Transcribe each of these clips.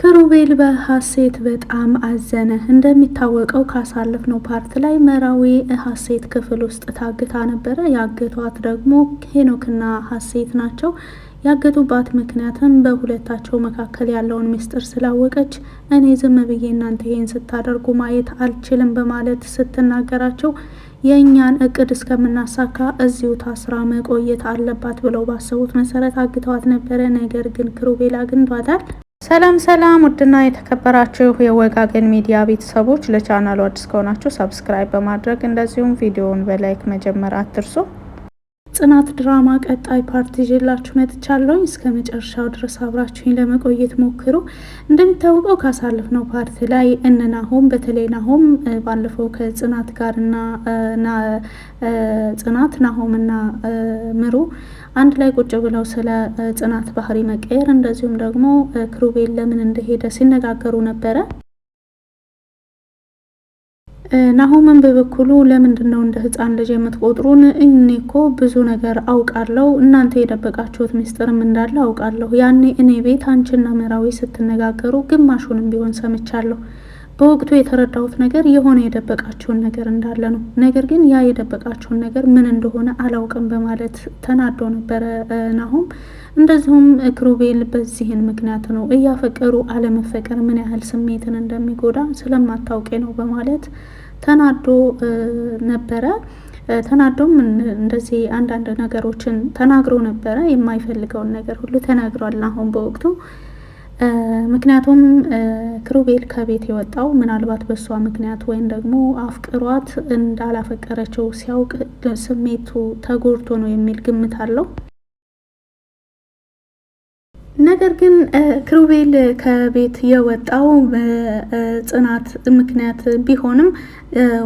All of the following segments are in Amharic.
ክሩቤል በሀሴት በጣም አዘነ። እንደሚታወቀው ነው ፓርት ላይ መራዊ ሀሴት ክፍል ውስጥ ታግታ ነበረ። ያገቷት ደግሞ ሄኖክና ሀሴት ናቸው። ያገቱባት ምክንያትም በሁለታቸው መካከል ያለውን ምስጢር ስላወቀች እኔ ዝም ብዬ እናንተ ይህን ስታደርጉ ማየት አልችልም በማለት ስትናገራቸው የእኛን እቅድ እስከምናሳካ እዚሁ ታስራ መቆየት አለባት ብለው ባሰቡት መሰረት አግተዋት ነበረ። ነገር ግን ክሩቤል አግኝቷታል። ሰላም ሰላም፣ ውድና የተከበራችሁ የወጋገን ሚዲያ ቤተሰቦች ለቻናሉ አዲስ ከሆናችሁ ሰብስክራይብ በማድረግ እንደዚሁም ቪዲዮውን በላይክ መጀመር አትርሱ። ጽናት ድራማ ቀጣይ ፓርት ይዤላችሁ መጥቻለሁ። እስከ መጨረሻው ድረስ አብራችሁኝ ለመቆየት ሞክሩ። እንደሚታወቀው ካሳለፍነው ፓርት ላይ እነ ናሆም በተለይ ናሆም ባለፈው ከጽናት ጋር እና ጽናት ናሆም እና ምሩ አንድ ላይ ቁጭ ብለው ስለ ጽናት ባህሪ መቀየር እንደዚሁም ደግሞ ክሩቤል ለምን እንደሄደ ሲነጋገሩ ነበረ። ናሆምን በበኩሉ ለምንድን ነው እንደ ህፃን ልጅ የምትቆጥሩን? እኔ እኮ ብዙ ነገር አውቃለሁ። እናንተ የደበቃችሁት ሚስጥርም እንዳለ አውቃለሁ። ያኔ እኔ ቤት አንቺና ምራዊ ስትነጋገሩ ግማሹንም ቢሆን ሰምቻለሁ። በወቅቱ የተረዳሁት ነገር የሆነ የደበቃችሁን ነገር እንዳለ ነው። ነገር ግን ያ የደበቃችሁን ነገር ምን እንደሆነ አላውቅም በማለት ተናዶ ነበረ ናሁም። እንደዚሁም ክሩቤል በዚህን ምክንያት ነው እያፈቀሩ አለመፈቀር ምን ያህል ስሜትን እንደሚጎዳ ስለማታውቄ ነው በማለት ተናዶ ነበረ። ተናዶም እንደዚህ አንዳንድ ነገሮችን ተናግሮ ነበረ። የማይፈልገውን ነገር ሁሉ ተናግሯል ናሆም በወቅቱ ምክንያቱም ክሩቤል ከቤት የወጣው ምናልባት በእሷ ምክንያት ወይም ደግሞ አፍቅሯት እንዳላፈቀረችው ሲያውቅ ስሜቱ ተጎድቶ ነው የሚል ግምት አለው። ነገር ግን ክሩቤል ከቤት የወጣው በጽናት ምክንያት ቢሆንም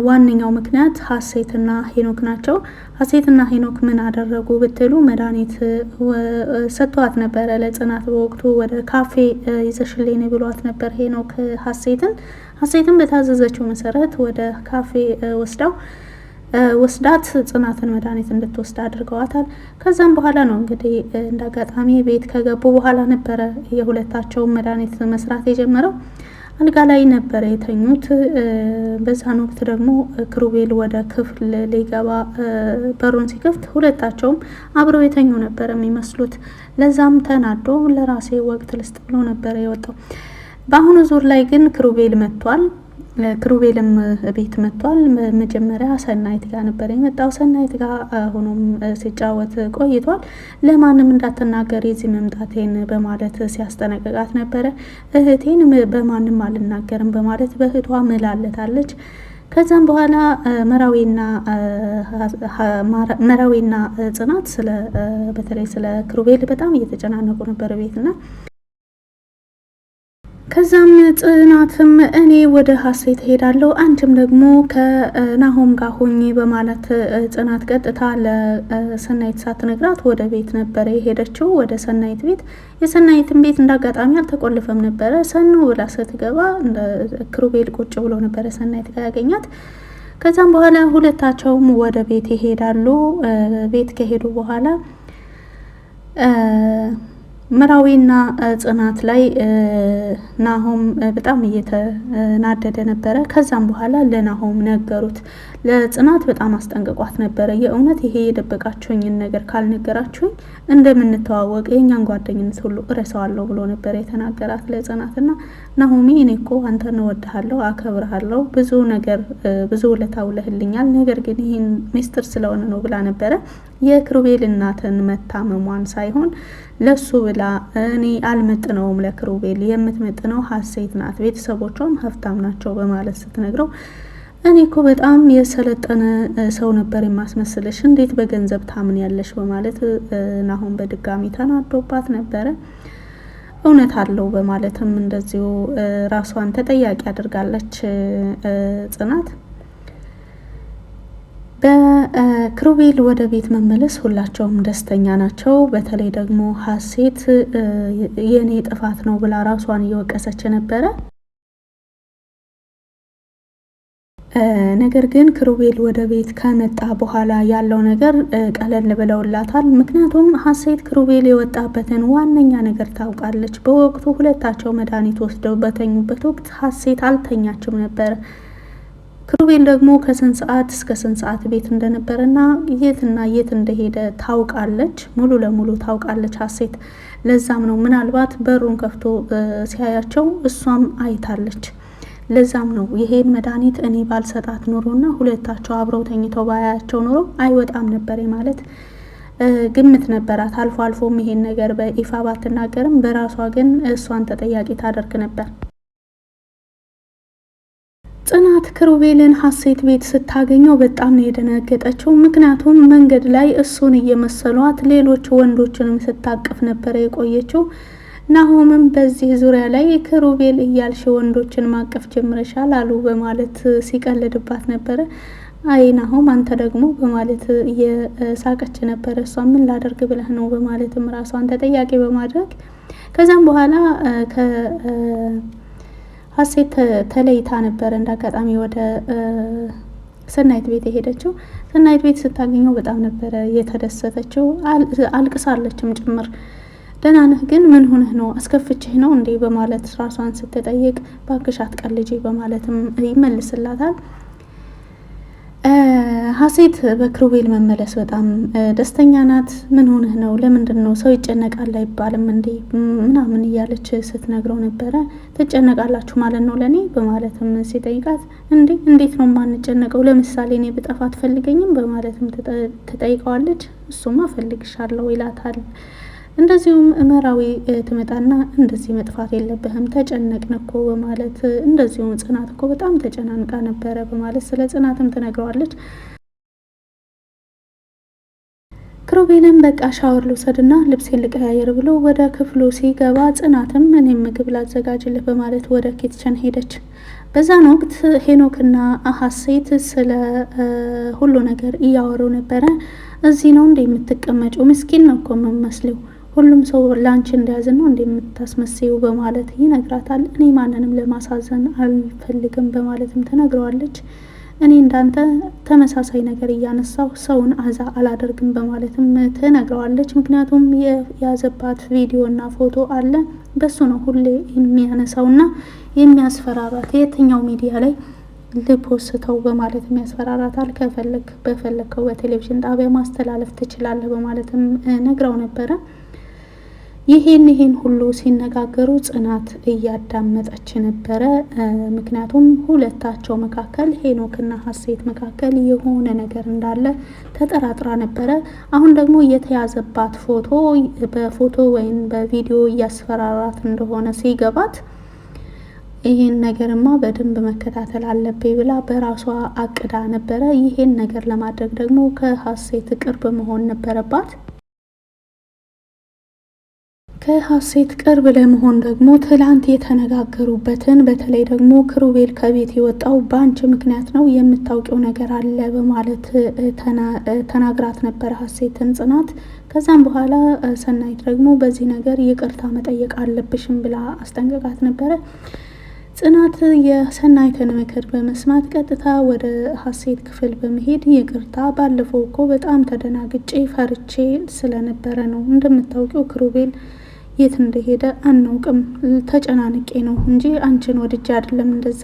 ዋነኛው ምክንያት ሀሴትና ሄኖክ ናቸው። ሀሴትና ሄኖክ ምን አደረጉ ብትሉ መድኃኒት ሰጥተዋት ነበረ ለጽናት በወቅቱ ወደ ካፌ ይዘሽልኝ ብሏት ነበር ሄኖክ ሀሴትን። ሀሴትን በታዘዘችው መሰረት ወደ ካፌ ወስዳው ወስዳት ጽናትን መድኃኒት እንድትወስድ አድርገዋታል። ከዛም በኋላ ነው እንግዲህ እንደ አጋጣሚ ቤት ከገቡ በኋላ ነበረ የሁለታቸውን መድኃኒት መስራት የጀመረው። አልጋ ላይ ነበረ የተኙት። በዛን ወቅት ደግሞ ክሩቤል ወደ ክፍል ሊገባ በሩን ሲከፍት ሁለታቸውም አብረው የተኙ ነበር የሚመስሉት። ለዛም ተናዶ ለራሴ ወቅት ልስጥ ብሎ ነበረ የወጣው። በአሁኑ ዙር ላይ ግን ክሩቤል መጥቷል። ክሩቤልም ቤት መጥቷል። መጀመሪያ ሰናይት ጋር ነበር የመጣው። ሰናይት ጋር ሆኖም ሲጫወት ቆይቷል። ለማንም እንዳትናገር የዚህ መምጣቴን በማለት ሲያስጠነቅቃት ነበረ። እህቴን በማንም አልናገርም በማለት በእህቷ ምላለታለች። ከዛም በኋላ መራዊና ጽናት በተለይ ስለ ክሩቤል በጣም እየተጨናነቁ ነበር ቤትና ከዛም ጽናትም እኔ ወደ ሀሴት እሄዳለሁ አንቺም ደግሞ ከናሆም ጋር ሆኜ በማለት ጽናት ቀጥታ ለሰናይት ሳትነግራት ወደ ቤት ነበረ የሄደችው። ወደ ሰናይት ቤት የሰናይትን ቤት እንዳጋጣሚ አልተቆልፈም ነበረ። ሰኑ ብላ ስትገባ ክሩቤል ቁጭ ብሎ ነበረ ሰናይት ጋር ያገኛት። ከዛም በኋላ ሁለታቸውም ወደ ቤት ይሄዳሉ። ቤት ከሄዱ በኋላ ምራዊና ጽናት ላይ ናሆም በጣም እየተናደደ ነበረ። ከዛም በኋላ ለናሆም ነገሩት። ለጽናት በጣም አስጠንቅቋት ነበረ። የእውነት ይሄ የደበቃችሁኝን ነገር ካልነገራችሁኝ እንደምንተዋወቅ የእኛን ጓደኝነት ሁሉ እረሳዋለሁ ብሎ ነበረ የተናገራት ለጽናት እና ናሆሚ እኔ እኮ አንተን እወድሃለሁ፣ አከብርሃለሁ ብዙ ነገር ብዙ ውለታ ውለህልኛል፣ ነገር ግን ይህን ሚስጥር ስለሆነ ነው ብላ ነበረ። የክሩቤል እናትን መታመሟን ሳይሆን ለሱ ብላ እኔ አልመጥነውም ለክሩቤል የምትመጥነው ሀሴት ናት፣ ቤተሰቦቿም ሀብታም ናቸው በማለት ስትነግረው እኔ እኮ በጣም የሰለጠነ ሰው ነበር የማስመስልሽ፣ እንዴት በገንዘብ ታምን ያለሽ በማለት ናሆን በድጋሚ ተናዶባት ነበረ። እውነት አለው በማለትም እንደዚሁ ራሷን ተጠያቂ አድርጋለች ጽናት። በክሩቤል ወደ ቤት መመለስ ሁላቸውም ደስተኛ ናቸው። በተለይ ደግሞ ሀሴት የእኔ ጥፋት ነው ብላ ራሷን እየወቀሰች ነበረ። ነገር ግን ክሩቤል ወደ ቤት ከመጣ በኋላ ያለው ነገር ቀለል ብለውላታል። ምክንያቱም ሀሴት ክሩቤል የወጣበትን ዋነኛ ነገር ታውቃለች። በወቅቱ ሁለታቸው መድኃኒት ወስደው በተኙበት ወቅት ሀሴት አልተኛችም ነበር። ክሩቤል ደግሞ ከስንት ሰዓት እስከ ስንት ሰዓት ቤት እንደነበረና የትና የት እንደሄደ ታውቃለች። ሙሉ ለሙሉ ታውቃለች ሀሴት። ለዛም ነው ምናልባት በሩን ከፍቶ ሲያያቸው እሷም አይታለች። ለዛም ነው ይሄን መድኃኒት እኔ ባልሰጣት ኑሮና ሁለታቸው አብረው ተኝተው ባያቸው ኑሮ አይወጣም ነበር ማለት ግምት ነበራት። አልፎ አልፎም ይሄን ነገር በይፋ ባትናገርም በራሷ ግን እሷን ተጠያቂ ታደርግ ነበር። ጽናት ክሩቤልን ሀሴት ቤት ስታገኘው በጣም ነው የደነገጠችው። ምክንያቱም መንገድ ላይ እሱን እየመሰሏት ሌሎች ወንዶችንም ስታቅፍ ነበረ የቆየችው። ናሆምም በዚህ ዙሪያ ላይ ክሩቤል እያልሽ ወንዶችን ማቀፍ ጀምረሻል አሉ በማለት ሲቀልድባት ነበረ። አይ ናሆም አንተ ደግሞ በማለት የሳቀች ነበረ። እሷ ምን ላደርግ ብለህ ነው በማለትም ራሷን ተጠያቂ በማድረግ ከዛም በኋላ ከሀሴት ተለይታ ነበረ። እንደ አጋጣሚ ወደ ስናይት ቤት የሄደችው ስናይት ቤት ስታገኘው በጣም ነበረ የተደሰተችው። አልቅሳለችም ጭምር ደህና ነህ ግን ምን ሁነህ ነው አስከፍቼህ ነው እንዴ በማለት ራሷን ስትጠይቅ ባክሽ አትቀልጂ በማለትም ይመልስላታል። ሀሴት በክሩቤል መመለስ በጣም ደስተኛ ናት። ምን ሆንህ ነው? ለምንድን ነው ሰው ይጨነቃል አይባልም እንዴ ምናምን እያለች ስትነግረው ነበረ። ትጨነቃላችሁ ማለት ነው ለእኔ በማለትም ሲጠይቃት፣ እንዴ እንዴት ነው የማንጨነቀው? ለምሳሌ እኔ ብጠፋ አትፈልገኝም በማለትም ትጠይቀዋለች። እሱማ እፈልግሻለሁ ይላታል። እንደዚሁም እመራዊ ትመጣና እንደዚህ መጥፋት የለብህም ተጨነቅን እኮ በማለት እንደዚሁም ጽናት እኮ በጣም ተጨናንቃ ነበረ በማለት ስለ ጽናትም ትነግረዋለች። ክሩቤልን በቃ ሻወር ልውሰድና ልብሴን ልቀያየር ብሎ ወደ ክፍሉ ሲገባ ጽናትም እኔም ምግብ ላዘጋጅልህ በማለት ወደ ኪትቸን ሄደች። በዛን ወቅት ሄኖክና ሀሴት ስለ ሁሉ ነገር እያወሩ ነበረ። እዚህ ነው እንደ የምትቀመጩ ምስኪን ነው እኮ የምመስለው ሁሉም ሰው ላንቺ እንደያዝን ነው እንደምታስመስይው በማለት ይነግራታል። እኔ ማንንም ለማሳዘን አልፈልግም በማለትም ትነግረዋለች። እኔ እንዳንተ ተመሳሳይ ነገር እያነሳው ሰውን አዛ አላደርግም በማለትም ትነግረዋለች። ምክንያቱም የያዘባት እና ፎቶ አለ። በሱ ነው ሁሌ የሚያነሳውና የሚያስፈራራት የትኛው ሚዲያ ላይ ልፖስተው በማለትም ያስፈራራታል። ከፈለግ በፈለግከው በቴሌቪዥን ጣቢያ ማስተላለፍ ትችላለህ በማለትም ነግረው ነበረ። ይሄን ይሄን ሁሉ ሲነጋገሩ ጽናት እያዳመጠች ነበረ። ምክንያቱም ሁለታቸው መካከል ሄኖክና ሀሴት መካከል የሆነ ነገር እንዳለ ተጠራጥራ ነበረ። አሁን ደግሞ የተያዘባት ፎቶ በፎቶ ወይም በቪዲዮ እያስፈራራት እንደሆነ ሲገባት ይህን ነገርማ በደንብ መከታተል አለብኝ ብላ በራሷ አቅዳ ነበረ። ይሄን ነገር ለማድረግ ደግሞ ከሀሴት ቅርብ መሆን ነበረባት። ከሀሴት ቅርብ ለመሆን ደግሞ ትላንት የተነጋገሩበትን በተለይ ደግሞ ክሩቤል ከቤት የወጣው በአንቺ ምክንያት ነው የምታውቂው ነገር አለ በማለት ተናግራት ነበር ሀሴትን ጽናት። ከዛም በኋላ ሰናይት ደግሞ በዚህ ነገር ይቅርታ መጠየቅ አለብሽም ብላ አስጠንቅቃት ነበረ። ጽናት የሰናይትን ምክር በመስማት ቀጥታ ወደ ሀሴት ክፍል በመሄድ ይቅርታ፣ ባለፈው እኮ በጣም ተደናግጬ ፈርቼ ስለነበረ ነው እንደምታውቂው ክሩቤል የት እንደሄደ አናውቅም። ተጨናንቄ ነው እንጂ አንቺን ወድጄ አይደለም እንደዛ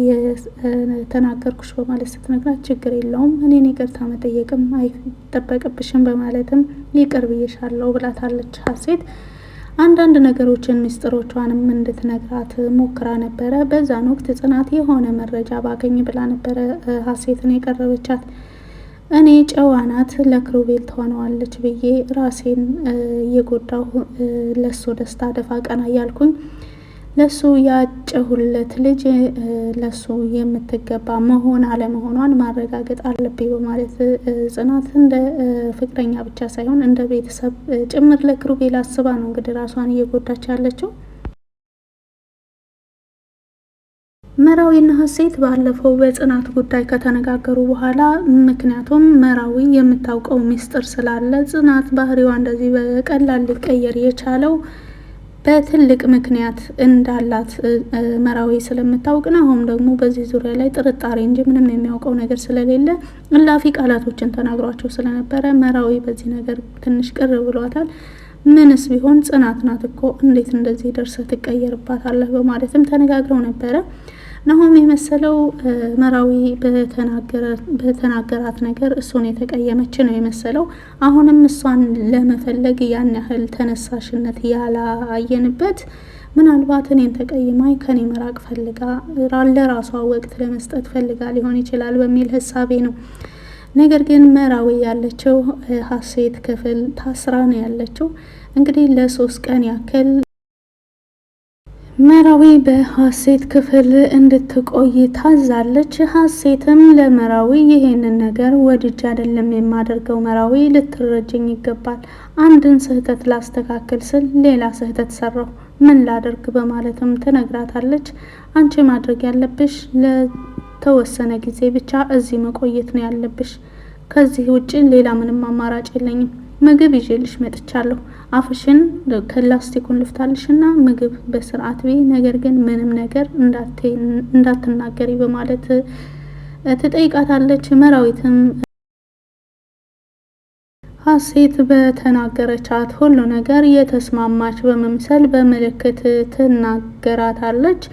የተናገርኩሽ በማለት ስትነግራት ችግር የለውም እኔን ይቅርታ መጠየቅም አይጠበቅብሽም በማለትም ይቅር ብዬሻለሁ ብላታለች ሀሴት። አንዳንድ ነገሮችን ምስጥሮቿንም እንድትነግራት ሞክራ ነበረ። በዛን ወቅት ጽናት የሆነ መረጃ ባገኝ ብላ ነበረ ሀሴትን የቀረበቻት። እኔ ጨዋ ናት ለክሩቤል ትሆነዋለች ብዬ ራሴን እየጎዳሁ ለሱ ደስታ ደፋ ቀና እያልኩኝ ለሱ ያጨሁለት ልጅ ለሱ የምትገባ መሆን አለመሆኗን ማረጋገጥ አለብኝ በማለት ጽናት እንደ ፍቅረኛ ብቻ ሳይሆን እንደ ቤተሰብ ጭምር ለክሩቤል አስባ ነው እንግዲህ ራሷን እየጎዳች ያለችው። መራዊና ሀሴት ባለፈው በጽናት ጉዳይ ከተነጋገሩ በኋላ ምክንያቱም መራዊ የምታውቀው ሚስጥር ስላለ ጽናት ባህሪዋ እንደዚህ በቀላል ሊቀየር የቻለው በትልቅ ምክንያት እንዳላት መራዊ ስለምታውቅ ነው። አሁን ደግሞ በዚህ ዙሪያ ላይ ጥርጣሬ እንጂ ምንም የሚያውቀው ነገር ስለሌለ እላፊ ቃላቶችን ተናግሯቸው ስለነበረ መራዊ በዚህ ነገር ትንሽ ቅር ብሏታል። ምንስ ቢሆን ጽናት ናት እኮ እንዴት እንደዚህ ደርሰ ትቀየርባታለህ? በማለትም ተነጋግረው ነበረ። ናሆም የመሰለው መራዊ በተናገራት ነገር እሱን የተቀየመች ነው የመሰለው። አሁንም እሷን ለመፈለግ ያን ያህል ተነሳሽነት ያላየንበት ምናልባት እኔን ተቀይማኝ ከኔ መራቅ ፈልጋ ለራሷ ወቅት ለመስጠት ፈልጋ ሊሆን ይችላል በሚል ህሳቤ ነው። ነገር ግን መራዊ ያለችው ሀሴት ክፍል ታስራ ነው ያለችው። እንግዲህ ለሶስት ቀን ያክል መራዊ በሀሴት ክፍል እንድትቆይ ታዛለች። ሀሴትም ለመራዊ ይሄንን ነገር ወድጄ አይደለም የማደርገው፣ መራዊ ልትረጅኝ ይገባል። አንድን ስህተት ላስተካክል ስል ሌላ ስህተት ሰራሁ፣ ምን ላደርግ በማለትም ትነግራታለች። አንቺ ማድረግ ያለብሽ ለተወሰነ ጊዜ ብቻ እዚህ መቆየት ነው ያለብሽ። ከዚህ ውጭ ሌላ ምንም አማራጭ የለኝም ምግብ ይዤልሽ መጥቻለሁ። አፍሽን ከላስቲኩን ልፍታልሽና ምግብ በስርዓት ቤ፣ ነገር ግን ምንም ነገር እንዳትናገሪ በማለት ትጠይቃታለች። መራዊትም ሀሴት በተናገረቻት ሁሉ ነገር የተስማማች በመምሰል በምልክት ትናገራታለች።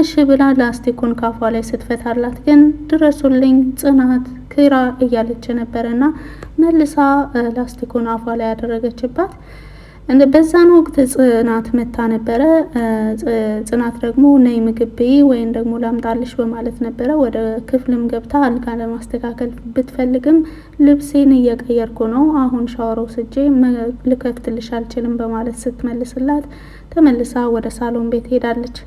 እሺ ብላ ላስቲኩን ካፏ ላይ ስትፈታላት ግን ድረሱልኝ ጽናት ክራ እያለች ነበረና መልሳ ላስቲኩን አፏ ላይ ያደረገችባት። በዛን ወቅት ጽናት መታ ነበረ። ጽናት ደግሞ ነይ ምግብ ብይ ወይም ደግሞ ላምጣልሽ በማለት ነበረ። ወደ ክፍልም ገብታ አልጋ ለማስተካከል ብትፈልግም ልብሴን እየቀየርኩ ነው፣ አሁን ሻወረው ስጄ ልከፍትልሽ አልችልም በማለት ስትመልስላት ተመልሳ ወደ ሳሎን ቤት ሄዳለች።